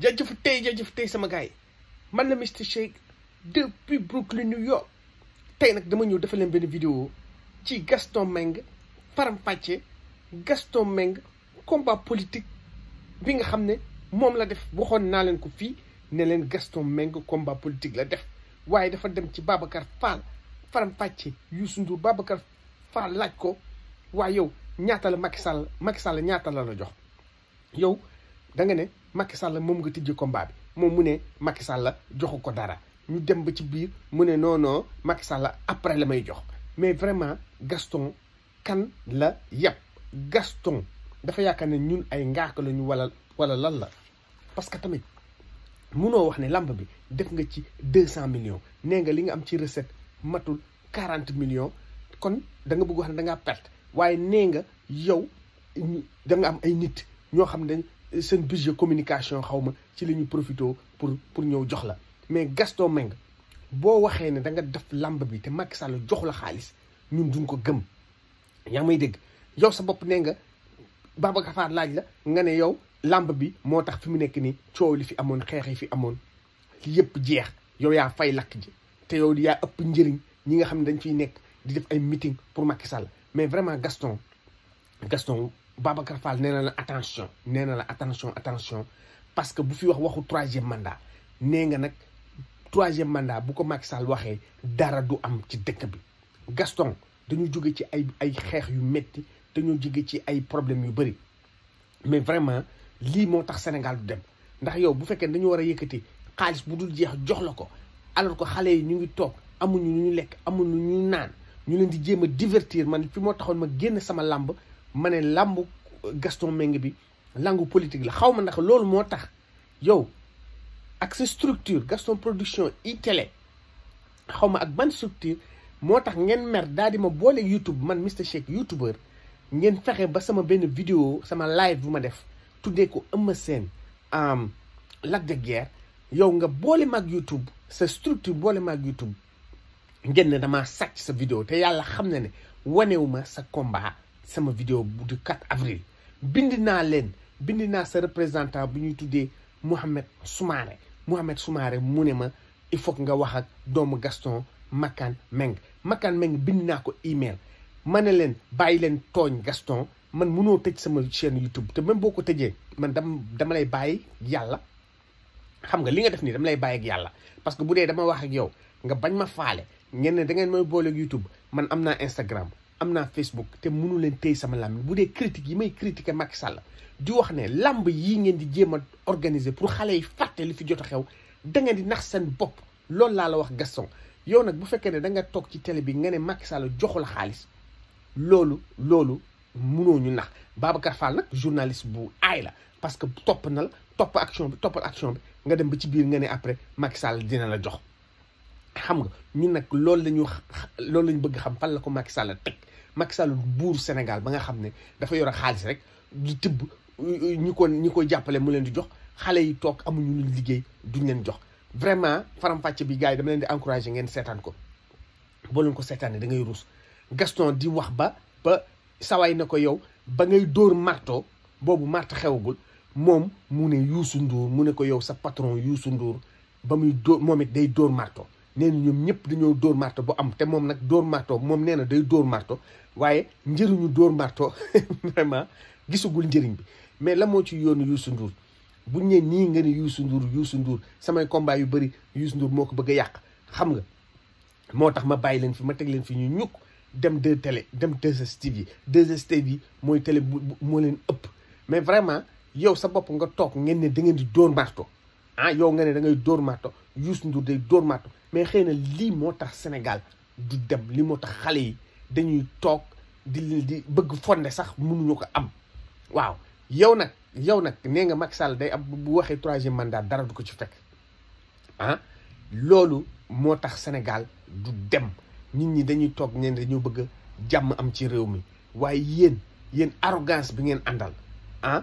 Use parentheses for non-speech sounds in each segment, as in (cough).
jaajëf tey jaajëf tey sama gaay man la Mister Shake depuis Brooklyn New York tey nag dama ñëw defal leen benn vidéo ci Gaston Mbengue faram-fàcce Gaston Mbengue combat politique bi nga xam ne moom la def waxoon naa leen ko fii ne leen Gaston Mbengue combat politique la def waaye dafa dem ci Babacar Fall faram-fàcce Youssou Ndour Babacar Fall laaj ko waaye yow ñaata la Macky Sall Sall ñaata la la jox yow da ne. Macky Sall mom nga tijji combat bi mune mune Macky Sall joxuko ko dara ñu dem ba ci biir mune non non Macky Sall après la jox mais vraiment Gaston kan la yap Gaston dafa yakane ñun ay ngaak lañu wala wala lan la parce que tamit mëno wax ne lamb bi def nga ci 200 millions né nga li nga am ci recette matul 40 millions kon da nga bëgg wax da yo perte waye né nga yow da nga am ay nit ño xam dañ seen budget communication xaw ma ci la ñu profité pour pour ñëw jox la mais Gaston Mbengue boo waxee ne da nga def làmb bi te Macky Sall jox la xaalis ñun duñ ko gëm yaa ngi may dégg yow sa bopp ne nga Babacar Fall laaj la nga ne yow làmb bi moo tax fi mu nekk nii coow li fi amoon xeex yi fi amoon yëpp jeex yow yaa fay lakk ji te yow yaa ëpp njëriñ ñi nga xam ne dañ fiy nekk di def ay meeting pour Macky Sall mais vraiment Gaston Gaston Baba Krafal, attention attention attention parce que bu fi wax waxu troisième mandat né nga le troisième mandat bu ko Macky Sall waxé dara du am ci dëkk bi Gaston dañu jóge ci ay ay yu que ci ay problème yu mais vraiment li mo tax Sénégal du dem ndax yow bu dañu wara alors que xalé yi ñu ngi tok amuñu ñu lek amuñu ñu naan ñu leen di jéma divertir man fi mo taxone ma génn sama ma ne làmbu Gaston Mbengue bi làngu politique la xaw ma ndax loolu moo tax yow ak sa structure Gaston production iTélé xaw ma ak ban structure moo tax ngeen mer daal di ma boole YouTube man Mister Shake youtubeur ngeen fexe ba sama benn vidéo sama live bu ma def tuddee ko Eumeu Sène Lac de Guiers yow nga boole mag YouTube sa structure boole mag YouTube ngeen dama sàcc sa vidéo te yàlla xam ne ne wanewuma sa combat sama vidéo bu du 4 avril naa leen bind naa sa représentant bu ñuy tuddee Mouhamed Soumaré Mouhamed Soumaré mu ne ma il faut nga wax ak doomu Gaston Makan Meng Makan Meng bind naa ko email ma ne leen bàyyi leen tooñ Gaston man munoo tëj sama chaîne YouTube te même boo ko tëjee man dam dama lay bàyyi yàlla xam nga li nga def nii dama lay bàyyi yàlla parce que bu dee dama wax ak yow nga bañ ma faale ngeen ne da ngeen may YouTube man am naa Instagram am naa Facebook te mënu leen téy sama làmmiñ bu dee critique yi may critique Macky Sall di wax ne làmb yi ngeen di jéem a organiser pour xale yi fàtte li fi jot a xew da di nax seen bopp loolu laa la wax Gaston yow nag bu fekkee ne da nga toog ci télé bi nga ne Macky Sall joxu la xaalis loolu loolu mënoo ñu nax Babacar Fall nag journaliste bu aay la parce que topp nal topp action bi toppal action bi nga dem ba ci biir nga ne après Macky Sall dina la jox. xam nga ñun nag loolu la ñu loolu la ñu bëgg xam fan la ko Macky Sall teg Macky Sall buur Sénégal ba nga xam ne dafa yor a xaalis rek di tibb ñi ko ñi ko jàppale mu leen di jox xale yi toog amuñu luñ liggéey duñ leen jox. vraiment faram-fàcce bi gars yi dama leen di encouragé ngeen seetaan ko boo leen ko seetaanee da ngay ruus Gaston di wax ba ba saway na ko yow ba ngay dóor marto boobu marto xewagul moom mu ne Youssou Ndour mu ne ko yow sa patron Youssou Ndour ba muy dóo moom it day dóor marto nee na ñoom ñëpp dañoo dóor marto bu am te moom nag dóor marto moom nee na day dóor marto waaye njëriñu dóor marto (laughs) vraiment gisagul njëriñ bi mais la moo ci yoonu Youssou Ndour buñ ne nii nga ni Youssou Ndour Youssou Ndour samay combat yu bëri Youssou Ndour moo ko bëgg a yàq xam nga moo tax ma bàyyi leen fi ma teg leen fi ñu ñukk dem de télé dem de stv yi 2STV yi mooy télé moo leen ëpp mais vraiment yow sa bopp nga toog ngeen ne da ngeen di door marto ah yow nga ne da ngay dóor matto Youssou Ndour day dóor matto mais xëy na lii moo tax Sénégal du dem lii moo tax xale yi dañuy toog di di bëgg fonde sax mënuñu ko am waaw yow nag yow nag nee nga mag sàll day am bu waxee troisième mandat dara du ko ci fekk ah loolu moo tax Sénégal du dem nit ñi dañuy toog ñeen dañoo bëgg jàmm am ci réew mi waaye yéen yéen arrogance bi ngeen àndal ah,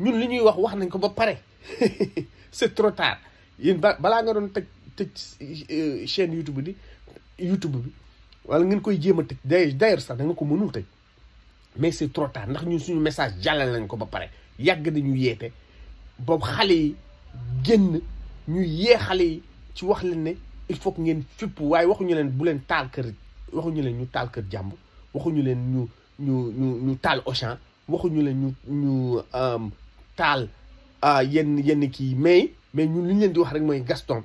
ñun li ñuy wax wax nañ ko ba pare (laughs) c'est trop tard ba balaa nga doon tëj tëj euh, chaîne YouTube bi YouTube bi wala ngeen koy jéem a tëj day d'ailleurs sax da ko mënul tëj mais c'est trop ndax ñu suñu message jàllale nañ ko ba pare yàgg nañu yeete boobu xale yi génn ñu yee xale yi ci wax leen ne il faut ngeen fipp waaye waxuñu leen bu leen taal kër waxuñu leen ñu taal kër waxuñu leen ñu ñu ñu ñu taal Auchan waxuñu leen ñu ñu euh, taal yenn yenn kii mais mais ñun li ñu leen di wax rek mooy Gaston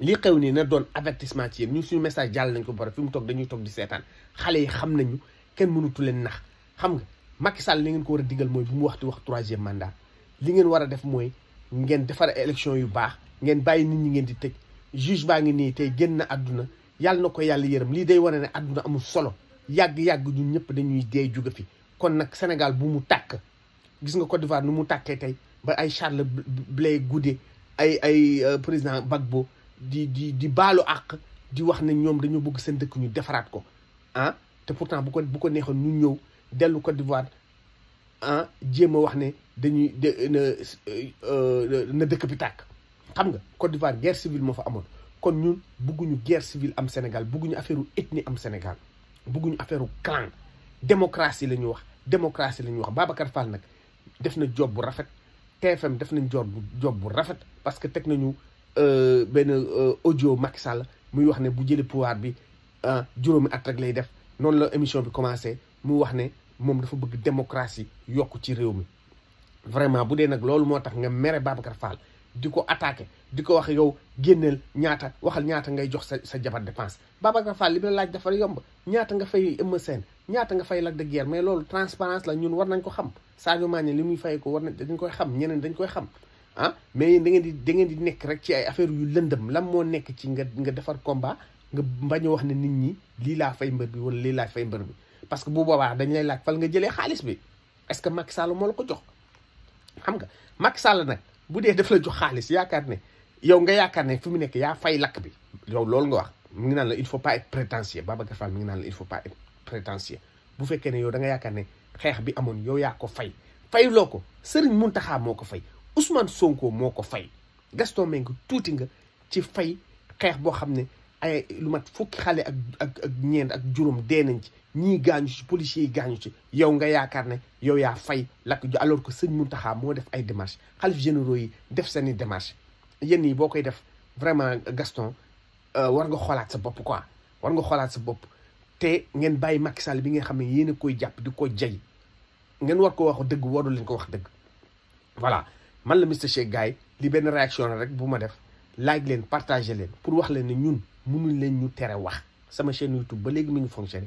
li xew nii na doon avertissement ci yéen ñun suñu message jàll nañ ko pare fi mu toog dañuy toog di seetaan xale yi xam nañu kenn mënutu leen nax xam nga Macky Sall li ngeen ko war a digal mooy bu mu wax di wax troisième mandat li ngeen war a def mooy ngeen defar élection yu baax ngeen bàyyi nit ñi ngeen di tëj juge baa ngi nii tey génn na àdduna yàlla na ko yàlla yërëm lii day wane ne àdduna amul solo yàgg-yàgg ñëpp dañuy dee juga kon nag Sénégal bu mu tàkk Côte d'Ivoire Charles Blay Goudé ay ay euh, président Gbagbo di di di di wax ah. pourtant bu ko Côte d'Ivoire ah, wax dañuy na euh, dëkk bi xam nga guerre civile moo fa kon ñun guerre civile am Sénégal une affaire ethnie am Sénégal une affaire clan démocratie la démocratie la wax Babacar Fall def na job bu rafet TFM def nañ job bu bu rafet parce que teg nañu euh, benn euh, audio Macky Sall muy wax ne bu jëlee pouvoir bi ah, juróomi at rek lay def noonu la émission bi commencé mu wax ne moom dafa bëgg démocratie yokku ci réew mi vraiment bu dee nag loolu moo tax nga mere Babacar Fall di ko attaqué di ko wax yow génneel ñaata waxal ñaata ngay jox sa sa jabar dépense Babacar faa li bi laaj dafa yomb ñaata nga fay Eumeu seen ñaata nga fay la de mais loolu transparence la ñun war nañ ko xam Sadio Mané li muy faye ko war nañ dañ koy xam ñeneen dañ koy xam ah mais yéen da di da ngeen di rek ci ay affaire yu lëndëm lan moo nekk ci nga nga defar combat nga mbañ wax ne nit ñi lii laa fay mbër bi wala lii fay mbër bi parce que bu boobaa dañ lay laaj fal nga jëlee xaalis bi est-ce que Macky Sall moo la ko jox xam nga Macky Sall nag bu dee def la jox xaalis yaakaar ne yow nga yaakaar ne fu mu nekk yaa fay lakk bi yow loolu nga wax mu ngi naan la il faut pas être prétentieux Babacar Fall mi ngi naan la il faut pas être prétentieux bu fekkee ne yow danga yaakaar ne xeex bi amoon yow yaa ko fay fayloo ko Serigne Mountakha moo ko fay Ousmane Sonko moo ko fay Gaston Mbengue tuuti nga ci fay xeex boo xam ne ay lu mat fukki xale ak ak ak ak juróom dee nañ ci ñi gaañu ci policiers yi gaañu ci yow nga yaakaar ne yow yaa fay lakk ju alors que sëñ Mountakha moo def ay démarches xalif généraux yi def seeni démarches yenn yi boo koy def vraiment Gaston euh, war nga xoolaat sa bopp quoi war nga xoolaat sa bopp te ngeen bàyyi Macky Sall bi nga xam ne yéen a koy jàpp di ko jay ngeen war ko wax dëgg waru leen ko wax dëgg voilà man la Mister Shake gars yi li benn réaction rek bu ma def laaj leen partager leen pour wax leen ne ñun mënuñ leen ñu tere wax sama chaîne YouTube ba léegi mi ngi fonctionné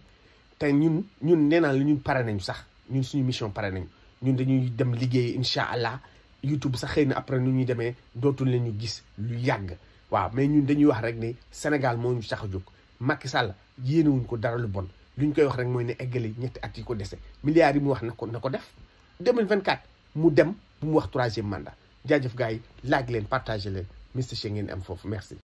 te ñun ñun nee naa la ñun pare nañu sax ñun suñu mission pare nañu ñun dañuy dem liggéey incha allah YouTube sax xëy na après nu ñuy demee dootul la ñu gis lu yàgg waaw mais ñun dañuy wax rek ne Sénégal moo ñu tax a jóg Macky Sall yéenewuñ ko dara lu bon lu ñu koy wax rek mooy ne eggali ñetti at yi ko dese milliards yi mu wax na ko na ko def 2024 mu dem bu mu wax troisième mandat jaajëf yi laaj leen partagé leen Mister Shake ngeen am foofu merci.